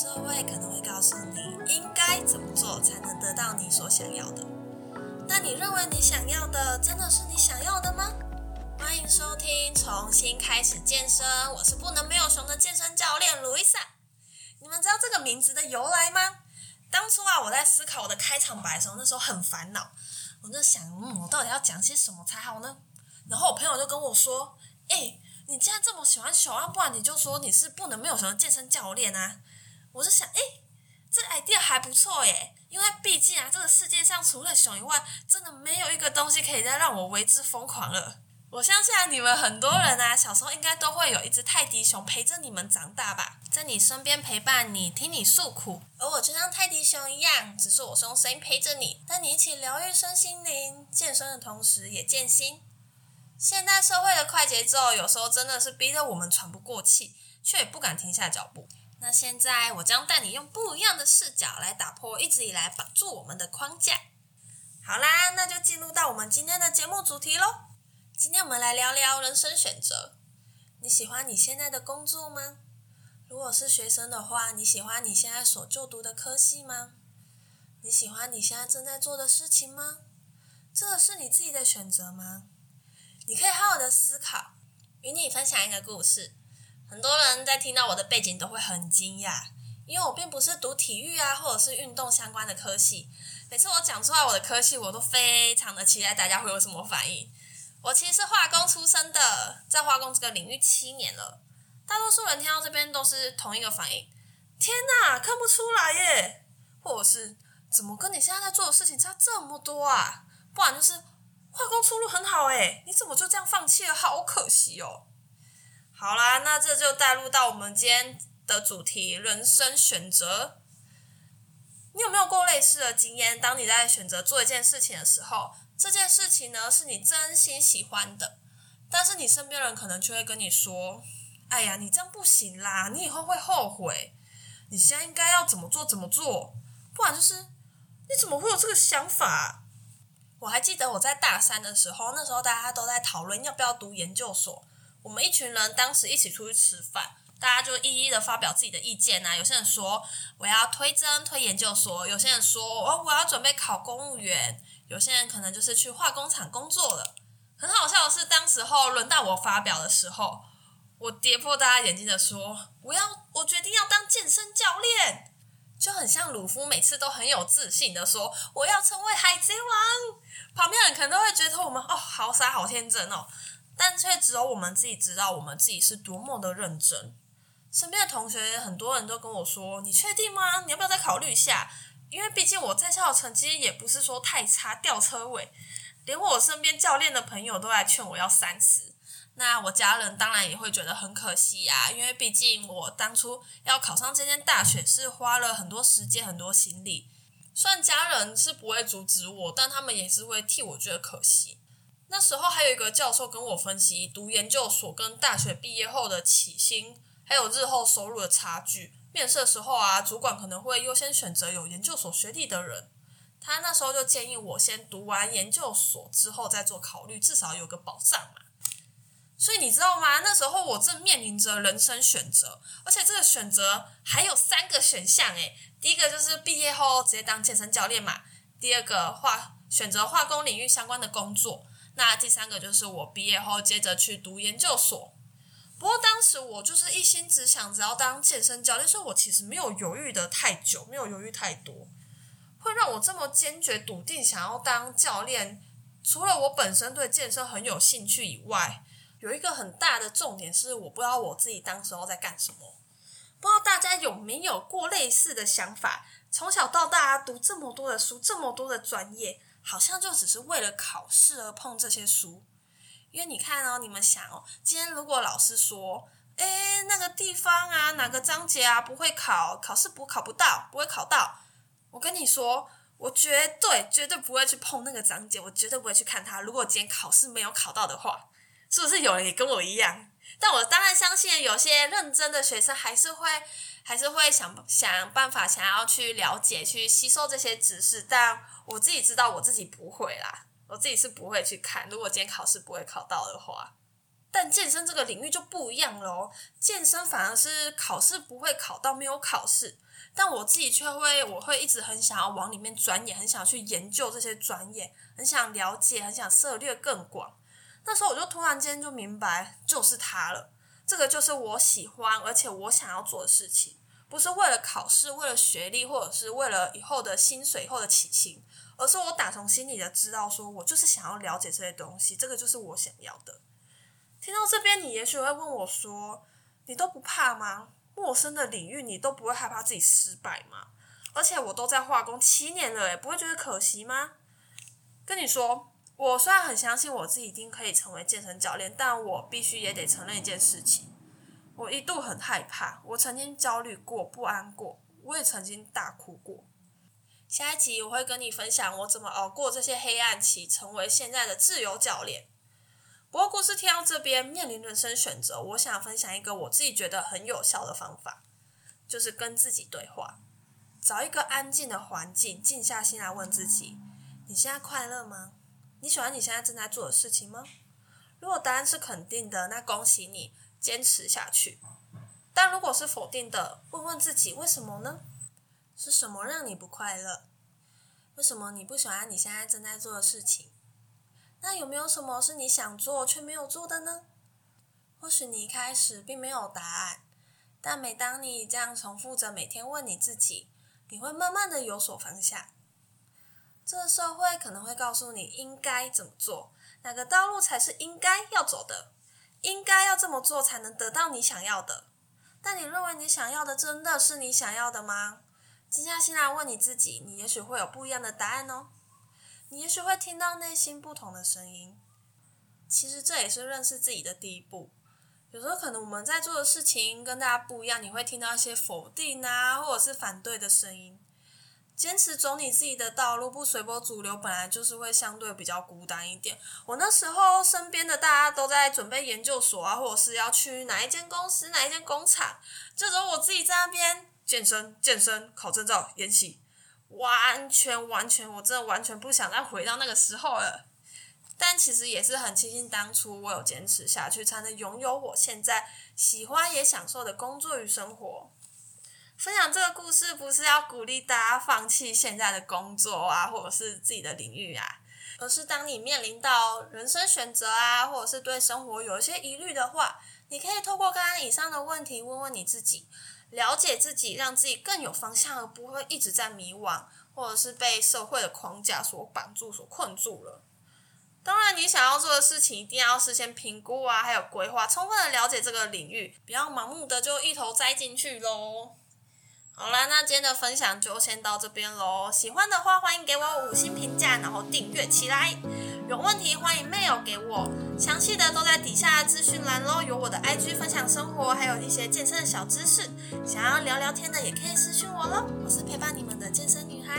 社會可能會告訴你應該怎麼做才能得到你所想要的，但你認為你想要的真的是你想要的嗎？歡迎收聽重新開始健身，我是不能沒有熊的健身教練 Louisa。你們知道這個名字的由來嗎？當初啊，我在思考我的開場白的時候，那時候很煩惱，我就想，嗯，我到底要講些什麼才好呢？然後我朋友就跟我說，哎，你既然這麼喜歡熊啊，不然你就說你是不能沒有熊的健身教練啊。我是想，哎、欸，這 idea 還不錯耶，因為畢竟啊，這個世界上除了熊以外，真的沒有一個東西可以再讓我為之瘋狂了。我相信啊，你們很多人啊，小時候應該都會有一隻泰迪熊陪着你們長大吧，在你身邊陪伴你，聽你訴苦。而我就像泰迪熊一樣，只是我是用聲音陪着你，帶你一起療癒身心靈，健身的同時也健心。現代社會的快節奏，有時候真的是逼得我們喘不過氣，卻也不敢停下腳步。那現在，我將帶你用不一樣的視角來打破一直以來綁住我們的框架。好啦，那就進入到我們今天的節目主題嘍。今天我們來聊聊人生選擇。你喜歡你現在的工作嗎？如果是學生的話，你喜歡你現在所就讀的科系嗎？你喜歡你現在正在做的事情嗎？這是你自己的選擇嗎？你可以好好的思考，與你分享一個故事。很多人在聽到我的背景都會很驚訝，因為我並不是讀體育啊，或者是運動相關的科系。每次我講出來我的科系，我都非常的期待大家會有什麼反應。我其實是化工出身的，在化工這個領域七年了。大多數人聽到這邊都是同一個反應：天哪，看不出來耶！或者是怎麼跟你現在在做的事情差這麼多啊？不然就是化工出路很好誒，你怎麼就這樣放棄了？好可惜哦。好啦，那這就帶入到我們今天的主題——人生選擇。你有沒有過類似的經驗？當你在選擇做一件事情的時候，這件事情呢是你真心喜歡的，但是你身邊人可能就會跟你說：“哎呀，你這樣不行啦，你以後會後悔。你現在應該要怎麼做？怎麼做？不然就是你怎麼會有這個想法啊？”我還記得我在大三的時候，那時候大家都在討論要不要讀研究所。我們一群人當時一起出去吃飯，大家就一一的發表自己的意見吶、啊。有些人說我要推甄推研究所，有些人說哦我要準備考公務員，有些人可能就是去化工廠工作了。很好笑的是，當時候輪到我發表的時候，我跌破大家眼鏡的說，我要我決定要當健身教練，就很像魯夫每次都很有自信的說我要成為海賊王。旁邊人可能都會覺得我們哦好傻好天真哦。但卻只有我們自己知道，我們自己是多麼的認真。身邊的同學很多人都跟我說：“你確定嗎？你要不要再考慮一下？”因為畢竟我在校的成績也不是說太差，吊車尾。連我身邊教練的朋友都來勸我要三思。那我家人當然也會覺得很可惜呀、啊，因為畢竟我當初要考上這間大學是花了很多時間、很多心力。雖然家人是不會阻止我，但他們也是會替我覺得可惜。那時候還有一個教授跟我分析，讀研究所跟大學畢業後的起薪，還有日後收入的差距。面試的時候啊，主管可能會優先選擇有研究所學歷的人。他那時候就建議我先讀完研究所之後再做考慮，至少有個保障嘛。所以你知道嗎？那時候我正面臨着人生選擇，而且這個選擇還有三個選項誒，第一個就是畢業後直接當健身教練嘛。第二個化選擇化工領域相關的工作。那第三個就是我畢業後接着去讀研究所，不過當時我就是一心只想着要當健身教練，所以我其實沒有猶豫的太久，沒有猶豫太多。會讓我這麼堅決篤定想要當教練，除了我本身對健身很有興趣以外，有一個很大的重點是我不知道我自己當時候在幹什麼。不知道大家有沒有過類似的想法？從小到大讀這麼多的書，這麼多的專業。好像就只是為了考試而碰這些書，因為你看哦，你們想哦，今天如果老師說，哎，那個地方啊，哪個章節啊，不會考，考試不考不到，不會考到。我跟你說，我絕對絕對不會去碰那個章節，我絕對不會去看它。如果今天考試沒有考到的話，是不是有人也跟我一樣？但我當然相信，有些認真的學生還是會，還是會想想辦法，想要去了解、去吸收這些知識。但我自己知道，我自己不會啦，我自己是不會去看，如果今天考試不會考到的話。但健身這個領域就不一樣嘍。健身反而是考試不會考到，沒有考試，但我自己卻會，我會一直很想要往裡面鑽研，很想去研究這些專業，很想了解，很想涉獵更廣。那時候我就突然間就明白，就是他了。這個就是我喜歡，而且我想要做的事情，不是為了考試、為了學歷，或者是為了以後的薪水、以後的起薪，而是我打從心裡的知道，說我就是想要了解這些東西。這個就是我想要的。聽到這邊，你也許會問我說：“你都不怕嗎？陌生的領域，你都不會害怕自己失敗嗎？而且我都在化工七年了，欸，也不會覺得可惜嗎？”跟你說。我雖然很相信我自己一定可以成為健身教練，但我必須也得承認一件事情：我一度很害怕，我曾經焦慮過、不安過，我也曾經大哭過。下一集我會跟你分享我怎麼熬過這些黑暗期，成為現在的自由教練。不過故事聽到這邊，面臨人生選擇，我想分享一個我自己覺得很有效的方法，就是跟自己對話，找一個安靜的環境，靜下心來問自己：你現在快樂嗎？你喜歡你現在正在做的事情嗎？如果答案是肯定的，那恭喜你，堅持下去。但如果是否定的，問問自己為什麼呢？是什麼讓你不快樂？為什麼你不喜歡你現在正在做的事情？那有沒有什麼是你想做卻沒有做的呢？或許你一開始並沒有答案，但每當你這樣重複着每天問你自己，你會慢慢的有所放下。這個社會可能會告訴你應該怎麼做，哪個道路才是應該要走的，應該要這麼做才能得到你想要的。但你認為你想要的真的是你想要的嗎？靜下心來問你自己，你也許會有不一樣的答案哦。你也許會聽到內心不同的聲音。其實這也是認識自己的第一步。有時候可能我們在做的事情跟大家不一樣，你會聽到一些否定啊，或者是反對的聲音。堅持走你自己的道路，不隨波逐流，本來就是會相對比較孤單一點。我那時候身邊的大家都在準備研究所啊，或者是要去哪一間公司、哪一間工廠，就走我自己在那邊健身、健身、考證照、研習，完全、完全，我真的完全不想再回到那個時候了。但其實也是很慶幸當初我有堅持下去，才能擁有我現在喜歡也享受的工作與生活。分享這個故事不是要鼓勵大家放棄現在的工作啊，或者是自己的領域啊，而是當你面臨到人生選擇啊，或者是對生活有一些疑慮的話，你可以透過剛剛以上的問題問問你自己，了解自己，讓自己更有方向，而不會一直在迷惘，或者是被社會的框架所綁住、所困住了。當然，你想要做的事情一定要事先評估啊，還有規劃，充分的了解這個領域，不要盲目的就一頭栽進去嘍。好啦，那今天的分享就先到這邊嘍。喜歡的話，歡迎給我五星評價，然後訂閱起來。有問題歡迎 mail 給我，詳細的都在底下的資訊欄嘍。有我的 IG 分享生活，還有一些健身的小知識。想要聊聊天的，也可以私訊我嘍。我是陪伴你們的健身女孩。